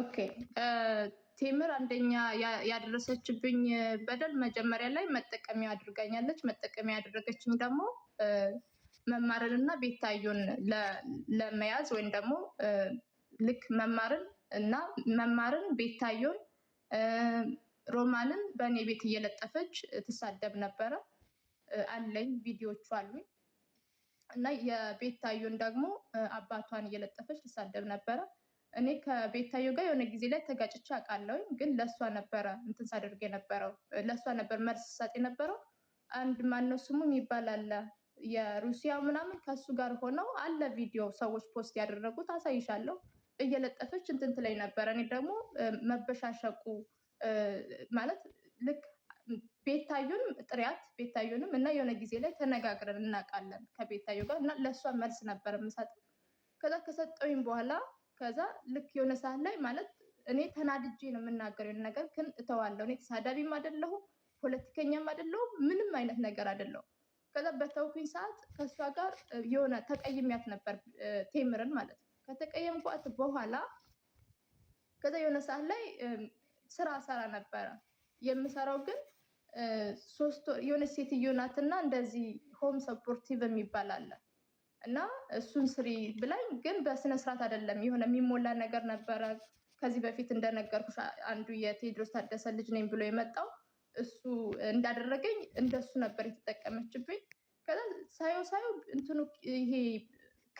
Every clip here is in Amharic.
ኦኬ ቴምር አንደኛ ያደረሰችብኝ በደል መጀመሪያ ላይ መጠቀሚያ አድርጋኛለች። መጠቀሚያ ያደረገችኝ ደግሞ መማርን እና ቤታዩን ለመያዝ ወይም ደግሞ ልክ መማርን እና መማርን ቤታዩን ሮማንን በእኔ ቤት እየለጠፈች ትሳደብ ነበረ። አለኝ ቪዲዮቹ አሉኝ እና የቤታዩን ደግሞ አባቷን እየለጠፈች ትሳደብ ነበረ። እኔ ከቤታዮ ጋር የሆነ ጊዜ ላይ ተጋጭቼ አውቃለሁኝ። ግን ለእሷ ነበረ እንትን ሳደርግ የነበረው ለእሷ ነበር መልስ ሳጥ የነበረው። አንድ ማነው ስሙ የሚባል አለ የሩሲያ ምናምን ከእሱ ጋር ሆነው አለ ቪዲዮ ሰዎች ፖስት ያደረጉት አሳይሻለሁ። እየለጠፈች እንትን ትለኝ ነበረ። እኔ ደግሞ መበሻሸቁ ማለት ልክ ቤታዩን ጥሪያት ቤታዩንም እና የሆነ ጊዜ ላይ ተነጋግረን እናውቃለን ከቤታዩ ጋር እና ለእሷ መልስ ነበር የምሰጠው ከዛ ከሰጠውኝ በኋላ ከዛ ልክ የሆነ ሰዓት ላይ ማለት እኔ ተናድጄ ነው የምናገረው የሆነ ነገር ግን እተዋለሁ። እኔ ተሳዳቢም አይደለሁም ፖለቲከኛም አይደለሁም ምንም አይነት ነገር አደለሁ። ከዛ በተውኩኝ ሰዓት ከእሷ ጋር የሆነ ተቀይሚያት ነበር ቴምርን ማለት ነው። ከተቀየምኳት በኋላ ከዛ የሆነ ሰዓት ላይ ስራ ሰራ ነበረ የምሰራው ግን ሶስት የሆነች ሴትዮ ናትና እንደዚህ ሆም ሰፖርቲቭ የሚባል አለ እና እሱን ስሪ ብላኝ፣ ግን በስነ ስርዓት አይደለም የሆነ የሚሞላ ነገር ነበረ። ከዚህ በፊት እንደነገርኩሽ አንዱ የቴዎድሮስ ታደሰ ልጅ ነኝ ብሎ የመጣው እሱ እንዳደረገኝ እንደሱ ነበር የተጠቀመችብኝ። ከዛ ሳየው ሳየው እንትኑ ይሄ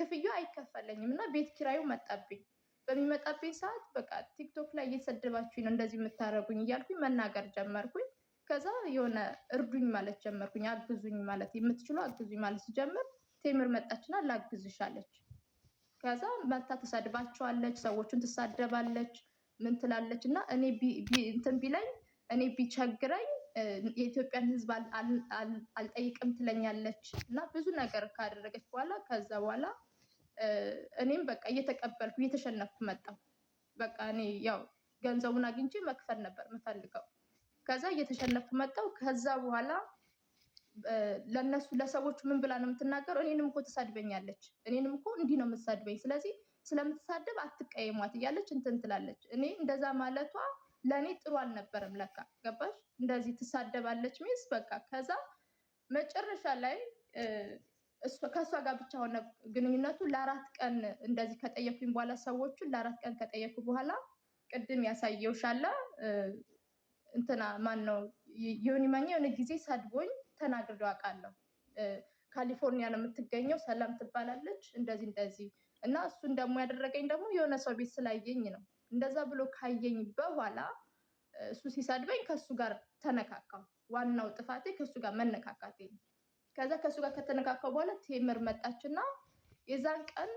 ክፍያ አይከፈለኝም እና ቤት ኪራዩ መጣብኝ። በሚመጣብኝ ሰዓት በቃ ቲክቶክ ላይ እየተሰደባችሁኝ ነው እንደዚህ የምታደርጉኝ እያልኩኝ መናገር ጀመርኩኝ። ከዛ የሆነ እርዱኝ ማለት ጀመርኩኝ፣ አግዙኝ ማለት የምትችሉ አግዙኝ ማለት ሲጀምር ቴምር መጣችና ላግዝሻለች። ከዛ መታ ተሳድባቸዋለች፣ ሰዎቹን ትሳደባለች፣ ምን ትላለች እና እኔ እንትን ቢለኝ እኔ ቢቸግረኝ የኢትዮጵያን ሕዝብ አልጠይቅም ትለኛለች እና ብዙ ነገር ካደረገች በኋላ ከዛ በኋላ እኔም በቃ እየተቀበልኩ እየተሸነፍኩ መጣሁ። በቃ እኔ ያው ገንዘቡን አግኝቼ መክፈል ነበር የምፈልገው። ከዛ እየተሸነፍኩ መጣሁ። ከዛ በኋላ ለነሱ ለሰዎቹ ምን ብላ ነው የምትናገረው? እኔንም እኮ ትሳድበኛለች፣ እኔንም እኮ እንዲህ ነው የምትሳድበኝ፣ ስለዚህ ስለምትሳደብ አትቀየሟት እያለች እንትን ትላለች። እኔ እንደዛ ማለቷ ለእኔ ጥሩ አልነበረም። ለካ ገባሽ? እንደዚህ ትሳደባለች ሚስ በቃ። ከዛ መጨረሻ ላይ ከእሷ ጋር ብቻ ሆነ ግንኙነቱ። ለአራት ቀን እንደዚህ ከጠየኩኝ በኋላ ሰዎቹን ለአራት ቀን ከጠየኩ በኋላ ቅድም ያሳየውሻለ እንትና ማን ነው ይሁን የሆን የሆነ ጊዜ ሰድቦኝ ተናግሬ አውቃለሁ። ካሊፎርኒያ ነው የምትገኘው፣ ሰላም ትባላለች፣ እንደዚህ እንደዚህ እና እሱን ደግሞ ያደረገኝ ደግሞ የሆነ ሰው ቤት ስላየኝ ነው። እንደዛ ብሎ ካየኝ በኋላ እሱ ሲሰድበኝ ከእሱ ጋር ተነካካው። ዋናው ጥፋቴ ከእሱ ጋር መነካካቴ ነው። ከዛ ከእሱ ጋር ከተነካካው በኋላ ቴምር መጣችና የዛን ቀን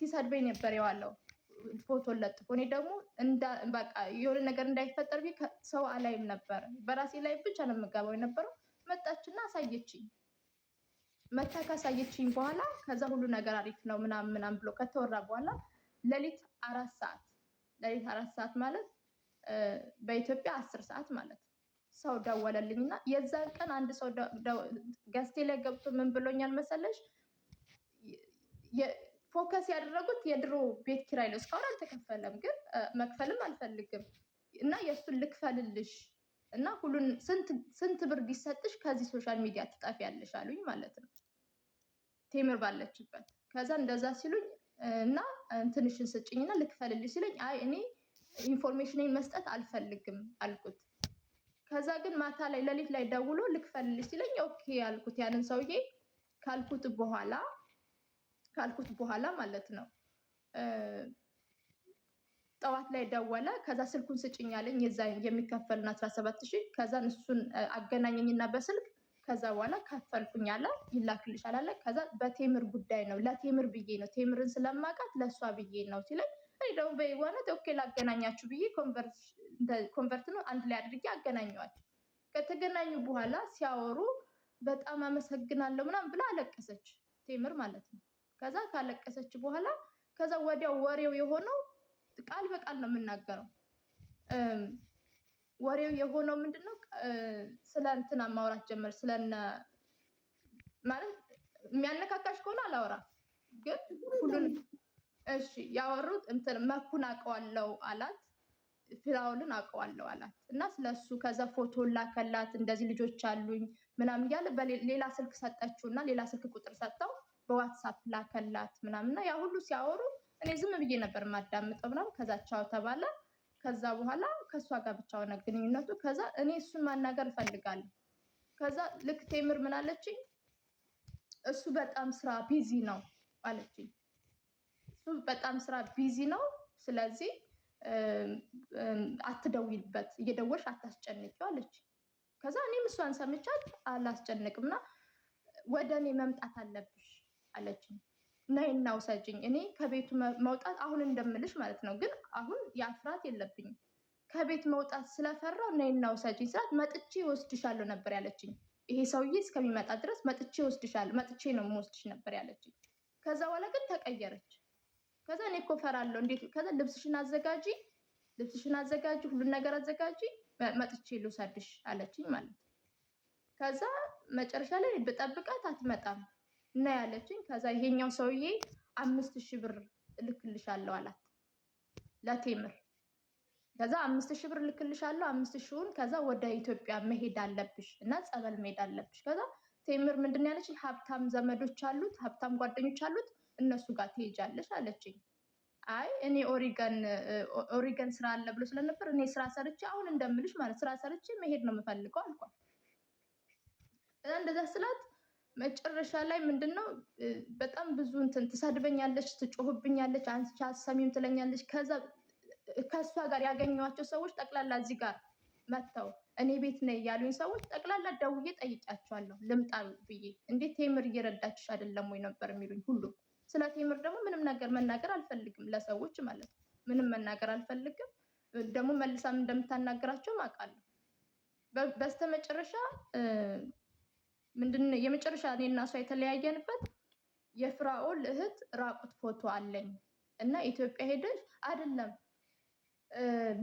ሲሰድበኝ ነበር የዋለው ፎቶ ለጥፎ። እኔ ደግሞ በቃ የሆነ ነገር እንዳይፈጠር ሰው አላይም ነበር፣ በራሴ ላይ ብቻ ነው የምገባው የነበረው መጣችና አሳየችኝ። መታ ካሳየችኝ በኋላ ከዛ ሁሉ ነገር አሪፍ ነው ምናምን ምናምን ብሎ ከተወራ በኋላ ሌሊት አራት ሰዓት ሌሊት አራት ሰዓት ማለት በኢትዮጵያ አስር ሰዓት ማለት ሰው ደወለልኝ እና የዛን ቀን አንድ ሰው ገዝቴ ላይ ገብቶ ምን ብሎኛል መሰለሽ? ፎከስ ያደረጉት የድሮ ቤት ኪራይ ነው። እስካሁን አልተከፈለም፣ ግን መክፈልም አልፈልግም እና የእሱን ልክፈልልሽ እና ሁሉን ስንት ብር ቢሰጥሽ ከዚህ ሶሻል ሚዲያ ትጠፊያለሽ አሉኝ ማለት ነው። ቴምር ባለችበት ከዛ እንደዛ ሲሉኝ እና እንትንሽን ስጭኝና ልክፈልልሽ ሲለኝ አይ እኔ ኢንፎርሜሽንን መስጠት አልፈልግም አልኩት። ከዛ ግን ማታ ላይ ሌሊት ላይ ደውሎ ልክፈልልሽ ሲለኝ ኦኬ አልኩት። ያንን ሰውዬ ካልኩት በኋላ ካልኩት በኋላ ማለት ነው ጠዋት ላይ ደወለ። ከዛ ስልኩን ስጭኛለኝ የዛ የሚከፈልን አስራ ሰባት ሺህ ከዛን እሱን አገናኘኝና በስልክ ከዛ በኋላ ከፈልኩኝ አለ። ይላክልሻል አለ። ከዛ በቴምር ጉዳይ ነው ለቴምር ብዬ ነው ቴምርን ስለማውቃት ለእሷ ብዬ ነው ሲለኝ እኔ ደግሞ በየዋነት ኦኬ ላገናኛችሁ ብዬ ኮንቨርት ነው አንድ ላይ አድርጌ አገናኘዋል። ከተገናኙ በኋላ ሲያወሩ በጣም አመሰግናለሁ ምናም ብላ አለቀሰች፣ ቴምር ማለት ነው። ከዛ ካለቀሰች በኋላ ከዛ ወዲያው ወሬው የሆነው ቃል በቃል ነው የምናገረው። ወሬው የሆነው ምንድን ነው? ስለ እንትና ማውራት ጀመር። ስለነ ማለት የሚያነካካሽ ከሆነ አላወራ፣ ግን ሁሉን እሺ። ያወሩት እንትን መኩን አውቀዋለሁ አላት፣ ፍራውልን አውቀዋለሁ አላት እና ስለሱ ከዛ ፎቶ ላከላት። እንደዚህ ልጆች አሉኝ ምናምን እያለ ሌላ ስልክ ሰጠችው እና ሌላ ስልክ ቁጥር ሰጠው በዋትሳፕ ላከላት ምናምን እና ያ ሁሉ ሲያወሩ እኔ ዝም ብዬ ነበር የማዳምጠው ምናምን። ከዛ ቻው ተባለ። ከዛ በኋላ ከእሷ ጋር ብቻ ሆነ ግንኙነቱ። ከዛ እኔ እሱን ማናገር እፈልጋለሁ። ከዛ ልክ ቴምር ምናለችኝ፣ እሱ በጣም ስራ ቢዚ ነው አለችኝ። እሱ በጣም ስራ ቢዚ ነው፣ ስለዚህ አትደውልበት፣ እየደወልሽ አታስጨንቂው አለችኝ። ከዛ እኔም እሷን ሰምቻት አላስጨንቅምና ወደ እኔ መምጣት አለብሽ አለችኝ። ናይ እናውሰጅኝ እኔ ከቤቱ መውጣት አሁን እንደምልሽ ማለት ነው። ግን አሁን የፍርሃት የለብኝም። ከቤት መውጣት ስለፈራው ናይ እናውሰጅኝ ስላት መጥቼ ወስድሻለሁ ነበር ያለችኝ። ይሄ ሰውዬ እስከሚመጣ ድረስ መጥቼ ወስድሻለሁ፣ መጥቼ ነው የምወስድሽ ነበር ያለችኝ። ከዛ በኋላ ግን ተቀየረች። ከዛ እኔ እኮ እፈራለሁ እንዴት። ከዛ ልብስሽን አዘጋጂ፣ ልብስሽን አዘጋጂ፣ ሁሉን ነገር አዘጋጂ፣ መጥቼ ልውሰድሽ አለችኝ ማለት ከዛ መጨረሻ ላይ በጠብቃት አትመጣም እና ያለችኝ ከዛ ይሄኛው ሰውዬ አምስት ሺህ ብር እልክልሻለሁ አላት ለቴምር። ከዛ አምስት ሺህ ብር እልክልሻለሁ አምስት ሺውን ከዛ ወደ ኢትዮጵያ መሄድ አለብሽ እና ጸበል መሄድ አለብሽ። ከዛ ቴምር ምንድን ነው ያለችኝ፣ ሀብታም ዘመዶች አሉት፣ ሀብታም ጓደኞች አሉት፣ እነሱ ጋር ትሄጃለሽ አለችኝ። አይ እኔ ኦሪገን ኦሪገን ስራ አለ ብሎ ስለነበር እኔ ስራ ሰርቼ አሁን እንደምልሽ ማለት ስራ ሰርቼ መሄድ ነው የምፈልገው አልኳት። እንደዛ ስላት መጨረሻ ላይ ምንድን ነው በጣም ብዙ እንትን ትሰድበኛለች፣ ትጮህብኛለች፣ አንቺ አትሰሚም ትለኛለች። ከዛ ከእሷ ጋር ያገኘኋቸው ሰዎች ጠቅላላ እዚህ ጋር መጥተው እኔ ቤት ነ ያሉኝ ሰዎች ጠቅላላ ደውዬ ጠይቂያቸዋለሁ። ልምጣ ብዬ እንዴት ቴምር እየረዳችሽ አይደለም ወይ ነበር የሚሉኝ ሁሉም። ስለ ቴምር ደግሞ ምንም ነገር መናገር አልፈልግም፣ ለሰዎች ማለት ነው። ምንም መናገር አልፈልግም። ደግሞ መልሳም እንደምታናግራቸው አውቃለሁ። በስተመጨረሻ ምንድነው የመጨረሻ እና እሷ የተለያየንበት የፍራኦል እህት ራቁት ፎቶ አለኝ እና ኢትዮጵያ ሄደሽ አይደለም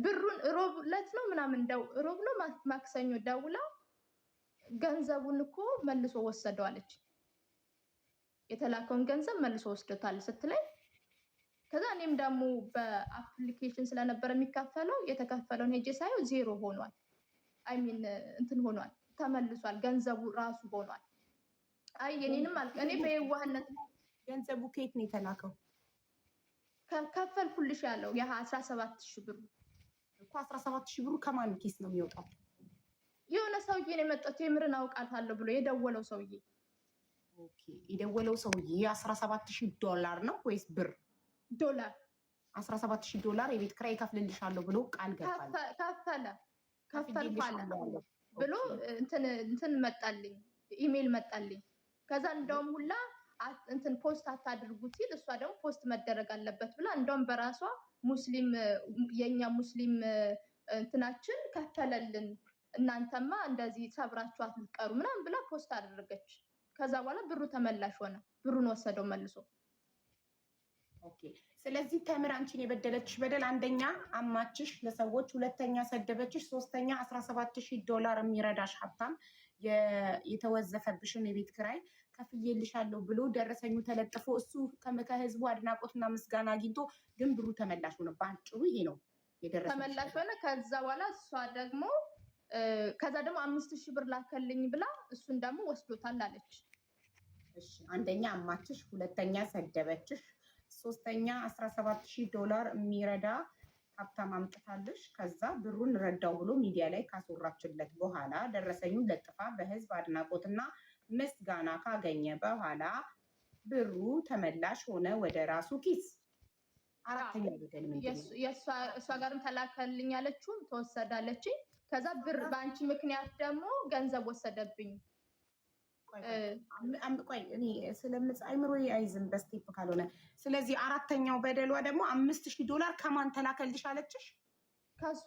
ብሩን ሮብ ዕለት ነው ምናምን ሮብ ነው ማክሰኞ ደውላ ገንዘቡን እኮ መልሶ ወሰደዋለች። የተላከውን ገንዘብ መልሶ ወስዶታል ስትለኝ፣ ከዛ እኔም ደግሞ በአፕሊኬሽን ስለነበረ የሚካፈለው የተከፈለውን ሄጄ ሳየው ዜሮ ሆኗል። አይ ሚን እንትን ሆኗል ተመልሷል። ገንዘቡ ራሱ ሆኗል። አይ የኔንም አል እኔ በየዋህነት ገንዘቡ ከየት ነው የተላከው? ከፈልኩልሽ ያለው ያ አስራ ሰባት ሺህ ብሩ እኮ አስራ ሰባት ሺህ ብሩ ከማን ኬስ ነው የሚወጣው? የሆነ ሰውዬ ነው የመጣው። ቴምርን አውቃታለሁ ብሎ የደወለው ሰውዬ የደወለው ሰውዬ የአስራ ሰባት ሺህ ዶላር ነው ወይስ ብር? ዶላር አስራ ሰባት ሺህ ዶላር የቤት ክራይ ከፍልልሻለሁ ብሎ ቃል ገባል። ከፈለ ከፈልኳለ ብሎ እንትን መጣልኝ፣ ኢሜይል መጣልኝ። ከዛ እንደውም ሁላ እንትን ፖስት አታድርጉት ሲል እሷ ደግሞ ፖስት መደረግ አለበት ብላ እንደውም በራሷ ሙስሊም የእኛ ሙስሊም እንትናችን ከፈለልን እናንተማ እንደዚህ ሰብራችሁ አትቀሩ ምናምን ብላ ፖስት አደረገች። ከዛ በኋላ ብሩ ተመላሽ ሆነ። ብሩን ወሰደው መልሶ ስለዚህ ተምር አንቺን የበደለችሽ በደል አንደኛ አማችሽ ለሰዎች፣ ሁለተኛ ሰደበችሽ፣ ሶስተኛ አስራ ሰባት ሺህ ዶላር የሚረዳሽ ሀብታም የተወዘፈብሽን የቤት ክራይ ከፍዬልሻለሁ ብሎ ደረሰኙ ተለጥፎ እሱ ከህዝቡ አድናቆትና ምስጋና አግኝቶ ግን ብሩ ተመላሽ ሆነ። በአጭሩ ይሄ ነው የደረሰ ተመላሽ ሆነ። ከዛ በኋላ እሷ ደግሞ ከዛ ደግሞ አምስት ሺህ ብር ላከልኝ ብላ እሱን ደግሞ ወስዶታል አለች። አንደኛ አማችሽ፣ ሁለተኛ ሰደበችሽ ሶስተኛ 17000 ዶላር የሚረዳ ሀብታም አምጥታለሽ ከዛ ብሩን ረዳው ብሎ ሚዲያ ላይ ካስወራችለት በኋላ ደረሰኙን ለጥፋ በህዝብ አድናቆትና ምስጋና ካገኘ በኋላ ብሩ ተመላሽ ሆነ ወደ ራሱ ኪስ። አራተኛ ሊደል እሷ ጋርም ተላከልኝ አለችውም ተወሰዳለች። ከዛ ብር በአንቺ ምክንያት ደግሞ ገንዘብ ወሰደብኝ ቆይ እኔ ስለምጽ አይምሮ አይዝም በስቴፕ ካልሆነ። ስለዚህ አራተኛው በደሏ ደግሞ አምስት ሺህ ዶላር ከማን ተላከልሽ አለችሽ?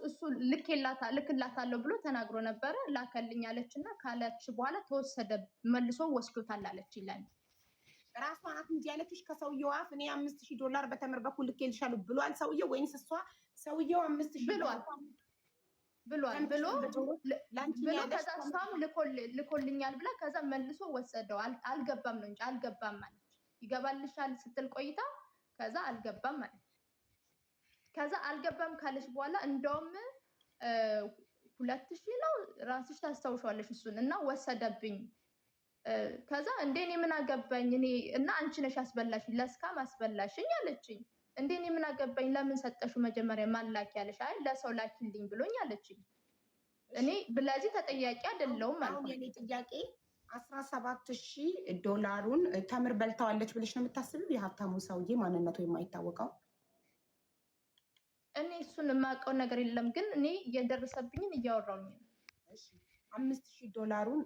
እሱ ልክላታለሁ ብሎ ተናግሮ ነበረ። ላከልኝ አለች እና ካለች በኋላ ተወሰደ መልሶ ወስዶታል አለች ይላል። ራሷ ናት እንጂ ያለችሽ ከሰውየው አፍ። እኔ አምስት ሺህ ዶላር በተምር በኩል ልኬልሻለሁ ብሏል ሰውየው ወይንስ እሷ? ሰውየው አምስት ሺህ ብሏል ብሏል ብሎ ብሎ ከዛ እሷም ልኮልኛል ብላ ከዛ መልሶ ወሰደው። አልገባም ነው እንጂ አልገባም ማለች ይገባልሻል ስትል ቆይታ ከዛ አልገባም ማለች። ከዛ አልገባም ካለች በኋላ እንደውም ሁለት ሺ ነው ራስሽ ታስታውሻለሽ እሱን እና ወሰደብኝ። ከዛ እንዴ እኔ ምን አገባኝ እኔ እና አንቺ ነሽ አስበላሽኝ፣ ለስካም አስበላሽኝ አለችኝ። እንዴ እኔ ምን አገባኝ? ለምን ሰጠሽው? መጀመሪያ ማን ላኪ ያለሽ? አይ ለሰው ላኪልኝ ብሎኝ አለችኝ። እኔ ብለዚህ ተጠያቂ አይደለሁም ማለት ነው። ጥያቄ አስራ ሰባት ሺህ ዶላሩን ተምር በልተዋለች ብለሽ ነው የምታስቢው? የሀብታሙ ሰውዬ ማንነቱ የማይታወቀው እኔ እሱን የማውቀው ነገር የለም፣ ግን እኔ እየደረሰብኝን እያወራውኝ ነው። አምስት ሺህ ዶላሩን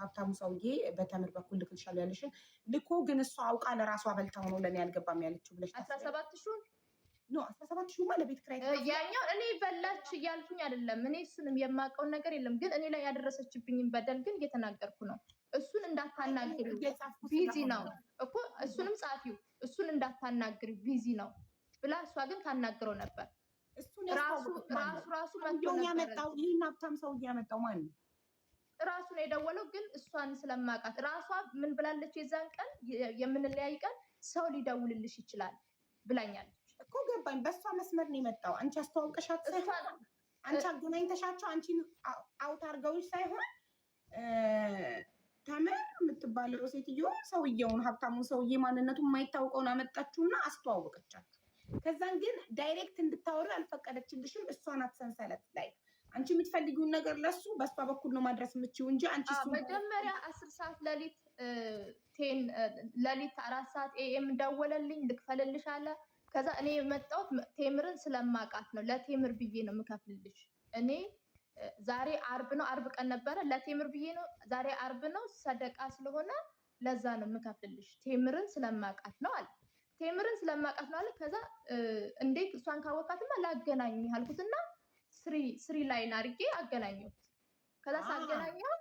ሀብታሙ ሰውዬ በተምር በኩል ልክልሻለሁ ያለሽን ልኮ ግን እሷ አውቃ ለራሷ በልታ ሆኖ ለእኔ አልገባም ያለችው ብለሽ አስራ ሰባት ሺህ ነው። አስራ ሰባት ሺህ ማለት ቤት ክራይ ያኛው እኔ በላች እያልኩኝ አይደለም። እኔ እሱንም የማውቀውን ነገር የለም። ግን እኔ ላይ ያደረሰችብኝን በደል ግን እየተናገርኩ ነው። እሱን እንዳታናግሪ ቢዚ ነው እኮ እሱንም ጻፊው እሱን እንዳታናግሪ ቢዚ ነው ብላ እሷ ግን ታናግረው ነበር። እሱ ራሱ ራሱ መጥቶ ነበር። ይህን ሀብታም ሰው እያመጣው ማን ነው? ራሱ ነው የደወለው። ግን እሷን ስለማውቃት ራሷ ምን ብላለች? የዛን ቀን የምንለያይ ቀን ሰው ሊደውልልሽ ይችላል ብላኛለች እኮ ገባኝ። በእሷ መስመር ነው የመጣው። አንቺ አስተዋውቀሻት ሳይሆን አንቺ አገናኝተሻቸው አንቺን አውት አድርገውሽ ሳይሆን ተምር የምትባለው ሴትዮ ሰውየውን ሀብታሙን ሰውዬ ማንነቱ የማይታወቀውን አመጣችሁና አስተዋወቀቻችሁ። ከዛን ግን ዳይሬክት እንድታወሪ አልፈቀደችልሽም። እሷ ናት ሰንሰለት ላይ አንቺ የምትፈልጊውን ነገር ለሱ በእሷ በኩል ነው ማድረስ የምችው እንጂ አንቺ መጀመሪያ አስር ሰዓት ለሊት ቴን ለሊት አራት ሰዓት ኤኤም ደወለልኝ ልክፈልልሽ አለ። ከዛ እኔ የመጣሁት ቴምርን ስለማውቃት ነው። ለቴምር ብዬ ነው የምከፍልልሽ። እኔ ዛሬ አርብ ነው፣ አርብ ቀን ነበረ። ለቴምር ብዬ ነው ዛሬ አርብ ነው፣ ሰደቃ ስለሆነ ለዛ ነው የምከፍልልሽ። ቴምርን ስለማውቃት ነው አለ። ቴምርን ስለማውቃት ነው አለ። ከዛ እንዴት እሷን ካወቃትማ ላገናኝ አልኩትና ስሪ ላይን አድርጌ አገናኘው። ከዛ ሳገናኘው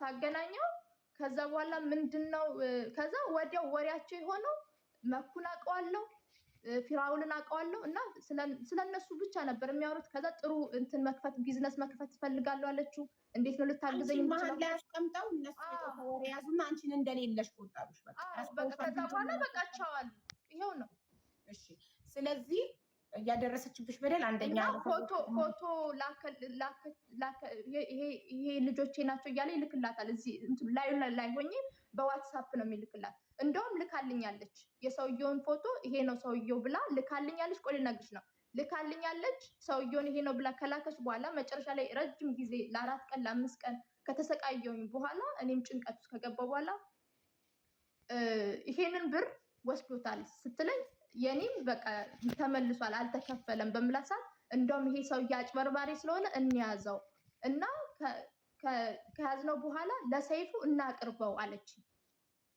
ሳገናኘው ከዛ በኋላ ምንድን ነው ከዛ ወዲያው ወሬያቸው የሆነው መኩን አውቀዋለሁ፣ ፊራውልን አውቀዋለሁ እና ስለነሱ ብቻ ነበር የሚያወሩት። ከዛ ጥሩ እንትን መክፈት ቢዝነስ መክፈት ትፈልጋለሁ አለችው። እንዴት ነው ልታግዘኝ መሀል ላይ አስቀምጠው እነሱ ወሬ አንቺን እንደሌለሽ ቆጣሉሽ። በቃ ከዛ በኋላ በቃ ቻዋል ይኸው ነው። እሺ ስለዚህ ያደረሰችብሽ በደል አንደኛ ፎቶ ይሄ ልጆቼ ናቸው እያለ ይልክላታል። እዚህ ላዩ ላይ ሆኜ በዋትሳፕ ነው የሚልክላት። እንደውም ልካልኛለች፣ የሰውየውን ፎቶ ይሄ ነው ሰውየው ብላ ልካልኛለች። ቆይ ልነግርሽ ነው ልካልኛለች። ሰውየውን ይሄ ነው ብላ ከላከች በኋላ መጨረሻ ላይ ረጅም ጊዜ ለአራት ቀን ለአምስት ቀን ከተሰቃየውኝ በኋላ እኔም ጭንቀት ውስጥ ከገባ በኋላ ይሄንን ብር ወስዶታል ስትለኝ የኔም በቃ ተመልሷል አልተከፈለም በምላሳት እንደውም ይሄ ሰው እያጭበርባሪ ስለሆነ እንያዘው እና ከያዝነው በኋላ ለሰይፉ እናቅርበው አለች።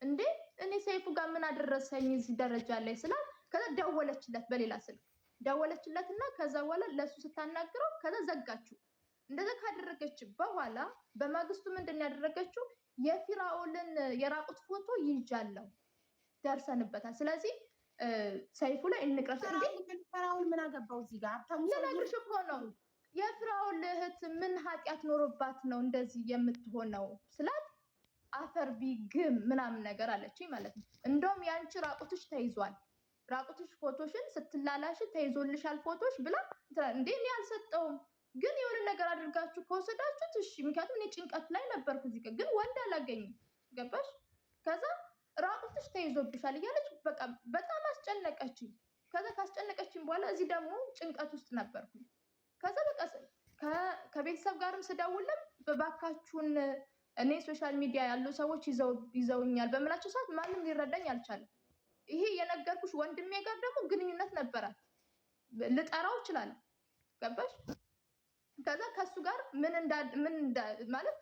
እንዴ እኔ ሰይፉ ጋር ምን አደረሰኝ እዚህ ደረጃ ላይ ስላል፣ ከዛ ደወለችለት፣ በሌላ ስልክ ደወለችለት እና ከዛ በኋላ ለእሱ ስታናግረው ከዛ ዘጋችው። እንደዛ ካደረገች በኋላ በማግስቱ ምንድን ያደረገችው የፊራኦልን የራቁት ፎቶ ይዣለሁ ደርሰንበታል። ስለዚህ ሰይፉ ላይ እንቅረስ እንዴ ምን አገባው እዚህ ጋር ልነግርሽ እኮ ነው የፍራውል እህት ምን ኃጢአት ኖሮባት ነው እንደዚህ የምትሆነው ስላት አፈር ቢግም ምናምን ነገር አለችኝ ማለት ነው እንደውም የአንቺ ራቁትሽ ተይዟል ራቁትሽ ፎቶሽን ስትላላሽ ተይዞልሻል ፎቶሽ ብላ እንዴ እኔ አልሰጠውም ግን የሆነ ነገር አድርጋችሁ ከወሰዳችሁት እሺ ምክንያቱም እኔ ጭንቀት ላይ ነበርኩ እዚህ ግን ወንድ አላገኝም ገባሽ ከዛ ራቁትሽ ተይዞብሻል እያለች በቃ በጣም አስጨነቀችኝ። ከዛ ካስጨነቀችኝ በኋላ እዚህ ደግሞ ጭንቀት ውስጥ ነበርኩኝ። ከዛ በቃ ከቤተሰብ ጋርም ስደውልም በባካችሁን እኔ ሶሻል ሚዲያ ያሉ ሰዎች ይዘውኛል በምላቸው ሰዓት ማንም ሊረዳኝ አልቻለም። ይሄ የነገርኩሽ ወንድሜ ጋር ደግሞ ግንኙነት ነበራት፣ ልጠራው ይችላል። ገባሽ? ከዛ ከሱ ጋር ምን ማለት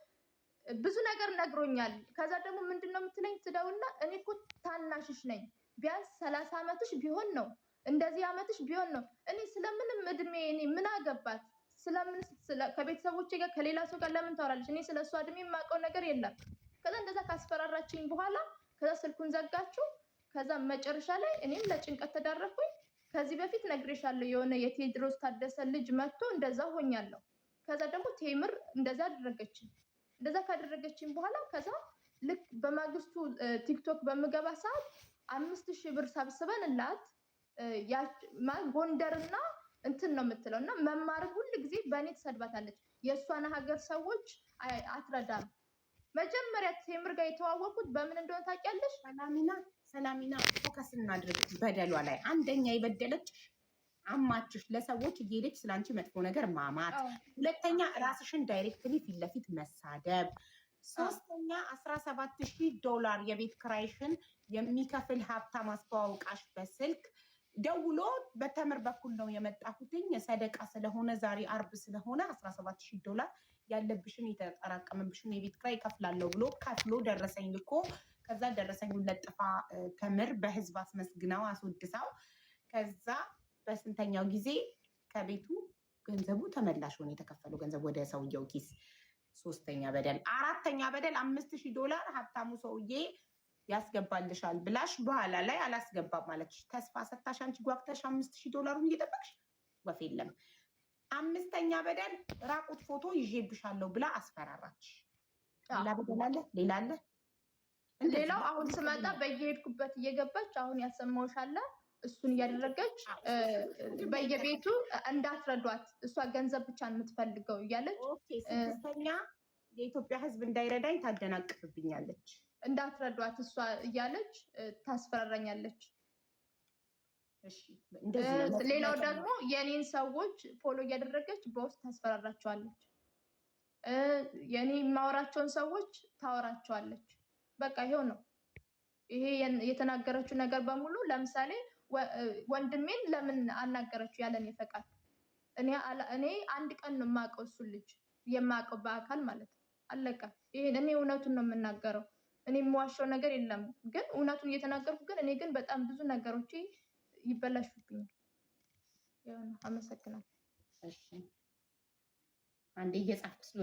ብዙ ነገር ነግሮኛል። ከዛ ደግሞ ምንድን ነው የምትለኝ ትደውል እኔ እኮ ታናሽሽ ነኝ። ቢያንስ ሰላሳ ዓመትሽ ቢሆን ነው እንደዚህ ዓመትሽ ቢሆን ነው። እኔ ስለምንም እድሜ እኔ ምን አገባት? ስለምን ከቤተሰቦች ጋር ከሌላ ሰው ጋር ለምን ታወራለች? እኔ ስለ እሷ እድሜ የማውቀው ነገር የለም። ከዛ እንደዛ ካስፈራራችኝ በኋላ ከዛ ስልኩን ዘጋችሁ። ከዛ መጨረሻ ላይ እኔም ለጭንቀት ተዳረኩኝ። ከዚህ በፊት ነግሬሻለሁ፣ የሆነ የቴድሮስ ታደሰ ልጅ መጥቶ እንደዛ ሆኛለሁ። ከዛ ደግሞ ቴምር እንደዛ አደረገችኝ። እንደዛ ካደረገችኝ በኋላ ከዛ ልክ በማግስቱ ቲክቶክ በምገባ ሰዓት አምስት ሺህ ብር ሰብስበን እላት ጎንደርና እንትን ነው የምትለው እና መማርን ሁል ጊዜ በእኔ ትሰድባታለች። የእሷን ሀገር ሰዎች አትረዳም። መጀመሪያ ቴምር ጋር የተዋወቁት በምን እንደሆነ ታውቂያለሽ? ሰላሚና ሰላሚና ፎከስ እናድርግ በደሏ ላይ አንደኛ የበደለች አማችሽ ለሰዎች እየሄደች ስላንቺ መጥፎ ነገር ማማት፣ ሁለተኛ ራስሽን ዳይሬክትሊ ፊት ለፊት መሳደብ ሶስተኛ አስራ ሰባት ሺህ ዶላር የቤት ክራይሽን የሚከፍል ሀብታም አስተዋውቃሽ በስልክ ደውሎ በተምር በኩል ነው የመጣሁትኝ የሰደቃ ስለሆነ ዛሬ አርብ ስለሆነ 17000 ዶላር ያለብሽን የተጠራቀመብሽን የቤት ክራይ ይከፍላለሁ ብሎ ከፍሎ ደረሰኝ ልኮ ከዛ ደረሰኙን ለጥፋ ተምር በህዝብ አስመስግናው አስወድሳው ከዛ በስንተኛው ጊዜ ከቤቱ ገንዘቡ ተመላሽ ሆነ የተከፈለው ገንዘብ ወደ ሰውየው ኪስ ሶስተኛ በደል። አራተኛ በደል አምስት ሺህ ዶላር ሀብታሙ ሰውዬ ያስገባልሻል ብላሽ በኋላ ላይ አላስገባም ማለትሽ ተስፋ ሰታሽ አንቺ ጓግተሽ አምስት ሺህ ዶላሩን እየጠበቅሽ ወፍ የለም። አምስተኛ በደል ራቁት ፎቶ ይዤብሻለሁ ብላ አስፈራራች። ሌላ በደል አለ? ሌላ አለ። ሌላው አሁን ስመጣ በየሄድኩበት እየገባች አሁን ያሰማውሻለን እሱን እያደረገች በየቤቱ እንዳትረዷት፣ እሷ ገንዘብ ብቻ የምትፈልገው እያለች ስድስተኛ የኢትዮጵያ ሕዝብ እንዳይረዳኝ ታደናቅፍብኛለች፣ እንዳትረዷት እሷ እያለች ታስፈራራኛለች። ሌላው ደግሞ የኔን ሰዎች ፎሎ እያደረገች በውስጥ ታስፈራራቸዋለች። የኔ የማወራቸውን ሰዎች ታወራቸዋለች። በቃ ይሄው ነው። ይሄ የተናገረችው ነገር በሙሉ ለምሳሌ ወንድሜን ለምን አናገረችው ያለን የፈቃድ እኔ አንድ ቀን ነው የማውቀው እሱን ልጅ የማውቀው በአካል ማለት ነው። አለቀ። ይሄን እኔ እውነቱን ነው የምናገረው። እኔ የምዋሸው ነገር የለም። ግን እውነቱን እየተናገርኩ ግን እኔ ግን በጣም ብዙ ነገሮች ይበላሹብኛል። አመሰግናለሁ። አንዴ እየጻፍኩ